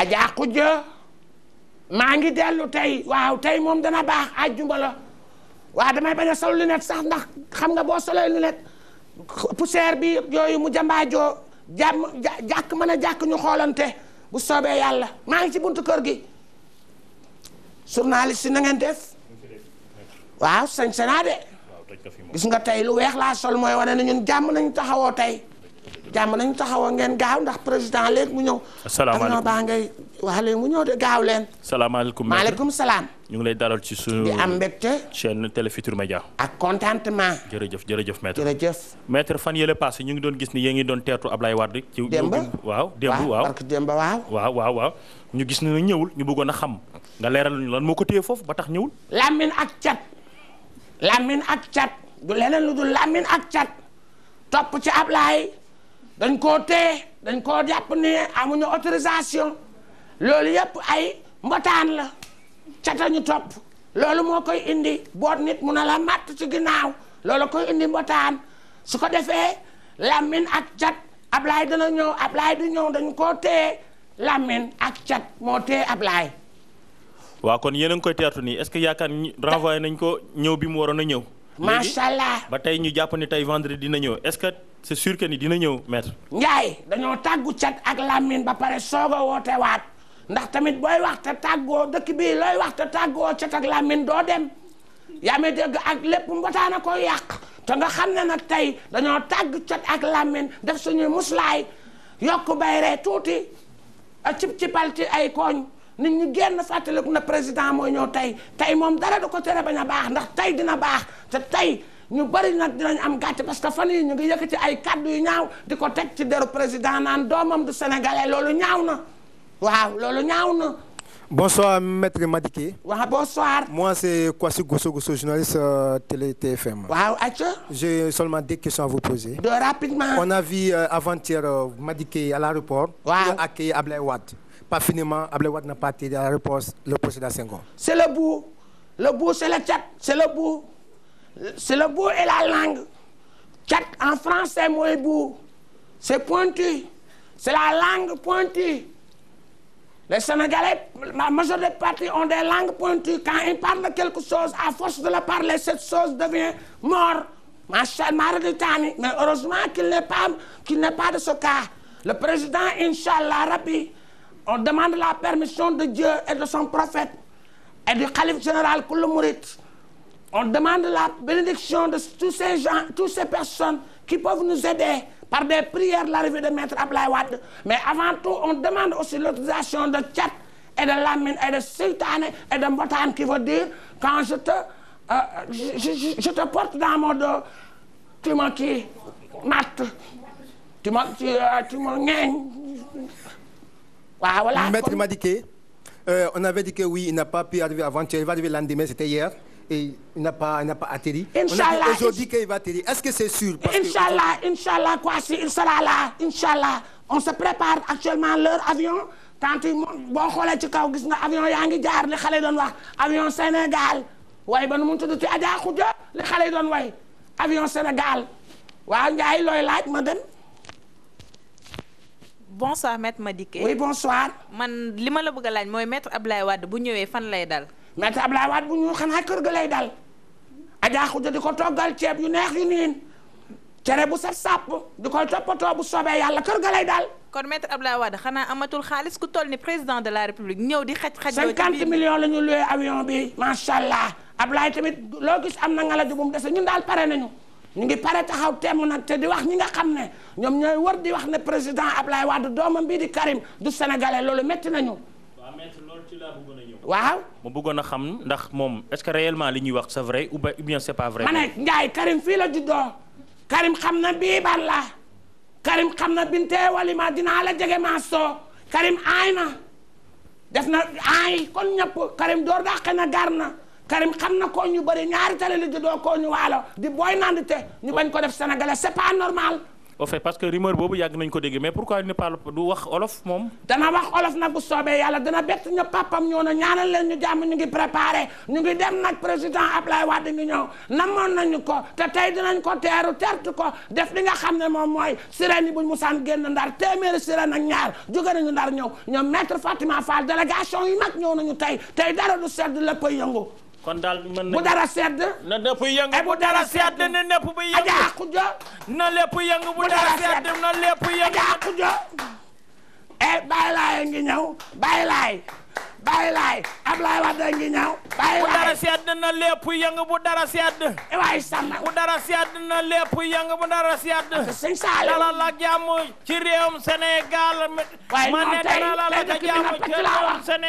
Adja Khoudia maa ngi dellu tey waaw tey moom dana baax àjjuma la waa damay bañ a sol lunette sax ndax xam nga boo solee lunette poussière bi yooyu mu jambaajoo jàmm jàkk mën a jàkk ñu xoolante bu soobee yàlla maa ngi ci buntu kër gi journaliste si na ngeen def waaw sañ senaa de gis nga tey lu weex laa sol mooy wane ne jàmm nañu taxawoo tey jàmm nañ taxawoon ngeen gaaw ndax président léegi mu ñëw. asalaamaaleykum baa ngay wax léegi mu ñëw de gaaw leen. salaamaaleykum maaleykum salaam. ñu ngi lay dalal ci suñu di am mbégte. chaîne Télé Futurs Médias. ak contentement. jërëjëf jërëjëf maître jërëjëf. maître fan yële passé ñu ngi doon gis ni yéen ngi doon teertu Ablaye Wade. ci démb waaw démb waaw parce que démb waaw. waaw ñu gis ni ñëwul ñu buggoon a xam nga leeral ñu lan moo ko téye foofu ba tax ñëwul. Lamine ak cat Lamine ak cat du leneen lu dul Lamine ak cat topp ci Ablaye dañ koo téye dañ koo jàpp ne amuñu autorisation loolu yépp ay mbotaan la catañu topp loolu moo koy indi boot nit mun a la matt ci ginnaaw loolu koy indi mbotaan su ko defee làmmiñ ak cat Ablaay dana ñëw Ablaay du ñëw dañ koo téye làmmiñ ak cat moo téye Ablaay waaw kon yéen a ngi koy teertu nii est-ce que yaakaar renvoyé nañ ko ñëw bi mu waroon a ñëw macha allah ba tey ñu jàpp ni tey vendredi dina ñëw est-ce que c'est que ni dina ñëw maître. Ndiaye dañoo tàggu cat ak làmmiñ ba pare soog a woote waat ndax tamit booy wax te tàggoo dëkk bii looy wax te tàggoo cat ak làmmiñ doo dem yaa may dëgg ak lépp mbotaana ko yàq te nga xam ne nag tey dañoo tàgg cat ak làmmiñ def suñuy muslaay yokk bayre tuuti a cib cipal ci ay kooñ. nit ñi génn fàttaliku na président mooy ñëw tey tey moom dara du ko tere bañ a baax ndax tey dina baax te tey ñu bëri nag dinañ am gàcce parce que fan yi ñu ngi yëkkati ay kàddu yu ñaaw di ko teg ci deru président naan doomam du sénégalais loolu ñaaw na waaw loolu ñaaw na Bonsoir, maître Madiké. bonsoir. Moi, c'est Kwasi Gosso Gosso, journaliste euh, télé TFM. Wow, J'ai seulement des questions à vous poser. rapidement. On a euh, avant-hier euh, à l'aéroport wow. pour accueillir Pas finalement, Ablai n'a pas été à le procès C'est le bout. Le bout, c'est le chat. C'est le bout. et la langue. Chat en français, moi, bout. C'est pointu. C'est la langue pointue. les Sénégalais la majorité partie ont des langues pointues quand ils parlent quelque chose à force de la parler cette chose devient mort macha mara di taani mais heureusement qu'il n'est pas qu'il n'est pas de ce cas le président inchallah rabbi on demande la permission de Dieu et de son prophète et du khalife général kullu mouride on demande la bénédiction de tous ces gens toutes ces personnes qui peuvent nous aider par des prières l'arrivée de maître Ablaye Wade mais avant tout on demande aussi l'utilisation de Thiat et de Lamine et de Sultane et de Mbotane qui veut dire quand je te euh, je, je, je te porte dans mon dos tu me kii matt tu me tu, euh, tu me ŋeeñ waaw voilà. Maître m'a dit que, euh, on avait dit que oui il n'a pas pu arriver avant-hier il va arriver lundi mais c'était hier. et il n'a pas que c'est sûr. parce Inch'Allah, que Inch'Allah quoi si il sera là Inch'Allah on se prépare actuellement leur avion tant que boo ci kaw gis nga avion yaa ngi jaar li xale doon wax avion Sénégal waaye ba nu mu tudd ci Adja Khoudia li xale doon way avion Sénégal waaw Ndiaye looy laaj ma dem. bonsoir maître Madické. oui bonsoir. man li ma la bëgg a laaj mooy maître Ablaye Wade bu ñëwee fan lay dal. ab Ablaye Wade bu ñu xanaa kër ga lay dal Adja Khoudia di ko toggal ceeb yu neex yu niin cere bu saf sàpp di koy toppatoo bu soobee yàlla kër ga lay dal. kon maître Ablaye Wade xanaa amatul xaalis ku toll ni président de la république ñëw di xaj. xaj 50 millions la ñu loué avion bi macha allah Ablaye tamit loo gis am na nga la ju bu mu dese ñun daal pare nañu. ñu ngi pare taxaw temm nag te di wax ñi nga xam ne ñoom ñooy war di wax ne président Ablaye Wade doomam bii di Karim du sénégalais loolu métti nañu. waaw. ma bëggoon a xam ndax moom est-ce que réellement li ñuy wax c'est vrai ou bien c'est pas vrai. ma ne Karim fii la juddoo Karim xam na bii bal la Karim xam na bintee wali ma dinaa la jege maa soo Karim aay na def na aay kon ñëpp Karim door dàqe na Karim xam na ko ñu bëri ñaari tale la juddoo ñu waalo di booy nandite ñu bañ ko def Sénégalais c'est pas normal. au fait parce que rumeur boobu yàgg nañ ko dégg mais pourquoi il ne parle du wax olof moom. dana wax olof nag bu soobee yàlla dana bett ñu papam ñëw na ñaanal leen ñu jàmm ñu ngi préparé ñu ngi dem nag président Ablaye Wade ngi ñëw namoon nañu ko te tey dinañ ko teeru tertu ko def li nga xam ne moom mooy sirène yi buñ musaan génn ndar téeméeri sirène ak ñaar jóge nañu ndar ñëw ñoom maître Fatima Fall délégation yu mag ñëw nañu tey tey dara du sedd lépp yëngu. kon daal mën bu dara sedd. na lépp yëngu bu dara sedd na lépp bi yëngu. Adja Akuja. na lépp yëngu bu dara sedd na lépp yëngu. Adja Akuja. eh bàyyi laay ngi ñëw bàyyi laay bàyyi laay Ablaye Wade ngi ñëw. bàyyi laay bu dara sedd na lépp yëngu bu dara sedd. waaye sànna bu dara sedd na lépp yëngu bu dara sedd. sëñ Saalum dalal la jàmm ci réewum Sénégal. waaye ñoo tey léegi fi mu